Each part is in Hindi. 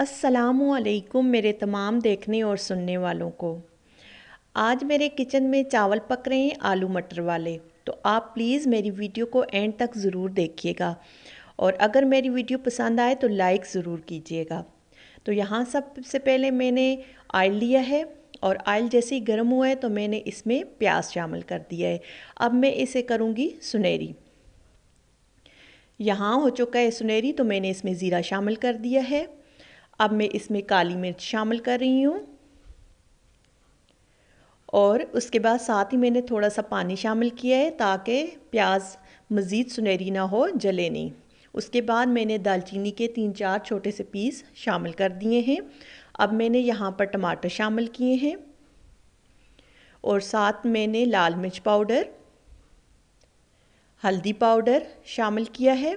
असलकुम मेरे तमाम देखने और सुनने वालों को आज मेरे किचन में चावल पक रहे हैं आलू मटर वाले तो आप प्लीज़ मेरी वीडियो को एंड तक ज़रूर देखिएगा और अगर मेरी वीडियो पसंद आए तो लाइक ज़रूर कीजिएगा तो यहाँ सबसे पहले मैंने ऑयल लिया है और ऑयल जैसे ही गर्म हुआ है तो मैंने इसमें प्याज शामिल कर दिया है अब मैं इसे करूँगी सुनहरी यहाँ हो चुका है सुनहरी तो मैंने इसमें ज़ीरा शामिल कर दिया है अब मैं इसमें काली मिर्च शामिल कर रही हूँ और उसके बाद साथ ही मैंने थोड़ा सा पानी शामिल किया है ताकि प्याज मज़ीद सुनहरी ना हो जले नहीं उसके बाद मैंने दालचीनी के तीन चार छोटे से पीस शामिल कर दिए हैं अब मैंने यहाँ पर टमाटर शामिल किए हैं और साथ मैंने लाल मिर्च पाउडर हल्दी पाउडर शामिल किया है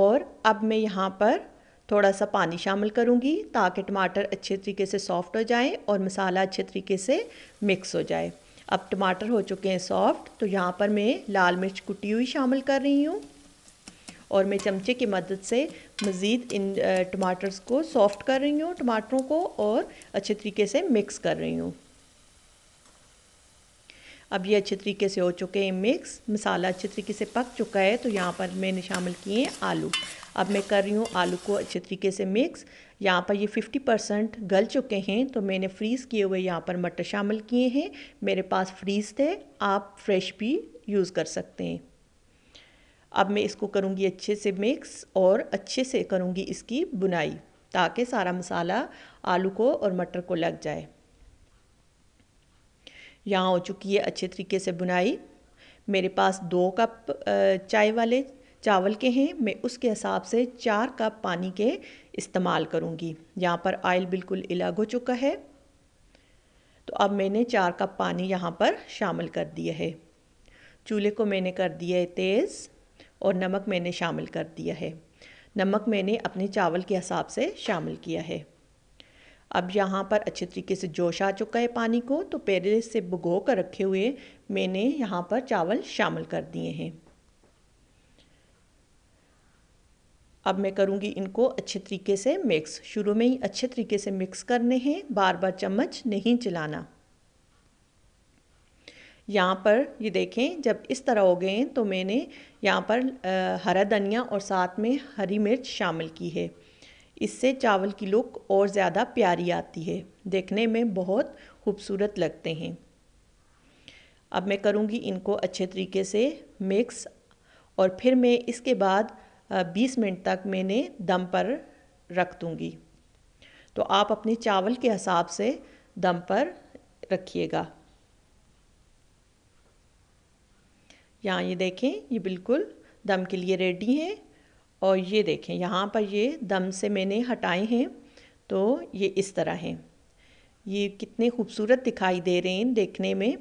और अब मैं यहाँ पर थोड़ा सा पानी शामिल करूँगी ताकि टमाटर अच्छे तरीके से सॉफ्ट हो जाए और मसाला अच्छे तरीके से मिक्स हो जाए अब टमाटर हो चुके हैं सॉफ्ट तो यहाँ पर मैं लाल मिर्च कुटी हुई शामिल कर रही हूँ और मैं चमचे की मदद से मज़ीद इन टमाटर्स को सॉफ़्ट कर रही हूँ टमाटरों को और अच्छे तरीके से मिक्स कर रही हूँ अब ये अच्छे तरीके से हो चुके हैं मिक्स मसाला अच्छे तरीके से पक चुका है तो यहाँ पर मैंने शामिल किए हैं आलू अब मैं कर रही हूँ आलू को अच्छे तरीके से मिक्स यहाँ पर ये 50 परसेंट गल चुके हैं तो मैंने फ्रीज़ किए हुए यहाँ पर मटर शामिल किए हैं मेरे पास फ्रीज़ थे आप फ्रेश भी यूज़ कर सकते हैं अब मैं इसको करूँगी अच्छे से मिक्स और अच्छे से करूँगी इसकी बुनाई ताकि सारा मसाला आलू को और मटर को लग जाए यहाँ हो चुकी है अच्छे तरीके से बुनाई मेरे पास दो कप चाय वाले चावल के हैं मैं उसके हिसाब से चार कप पानी के इस्तेमाल करूँगी यहाँ पर आयल बिल्कुल अलग हो चुका है तो अब मैंने चार कप पानी यहाँ पर शामिल कर दिया है चूल्हे को मैंने कर दिया है तेज़ और नमक मैंने शामिल कर दिया है नमक मैंने अपने चावल के हिसाब से शामिल किया है अब यहाँ पर अच्छे तरीके से जोश आ चुका है पानी को तो पहले से भुगो कर रखे हुए मैंने यहाँ पर चावल शामिल कर दिए हैं अब मैं करूँगी इनको अच्छे तरीके से मिक्स शुरू में ही अच्छे तरीके से मिक्स करने हैं बार बार चम्मच नहीं चलाना यहाँ पर ये देखें जब इस तरह हो गए तो मैंने यहाँ पर हरा धनिया और साथ में हरी मिर्च शामिल की है इससे चावल की लुक और ज़्यादा प्यारी आती है देखने में बहुत खूबसूरत लगते हैं अब मैं करूँगी इनको अच्छे तरीके से मिक्स और फिर मैं इसके बाद 20 मिनट तक मैंने दम पर रख दूँगी तो आप अपने चावल के हिसाब से दम पर रखिएगा यहाँ ये देखें ये बिल्कुल दम के लिए रेडी हैं और ये देखें यहाँ पर ये दम से मैंने हटाए हैं तो ये इस तरह हैं ये कितने खूबसूरत दिखाई दे रहे हैं देखने में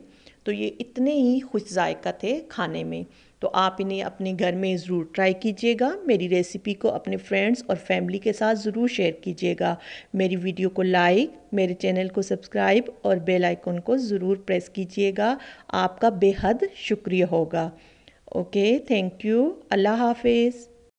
तो ये इतने ही खुश जायका थे खाने में तो आप इन्हें अपने घर में ज़रूर ट्राई कीजिएगा मेरी रेसिपी को अपने फ्रेंड्स और फैमिली के साथ ज़रूर शेयर कीजिएगा मेरी वीडियो को लाइक मेरे चैनल को सब्सक्राइब और बेल आइकन को ज़रूर प्रेस कीजिएगा आपका बेहद शुक्रिया होगा ओके थैंक यू अल्लाह हाफिज़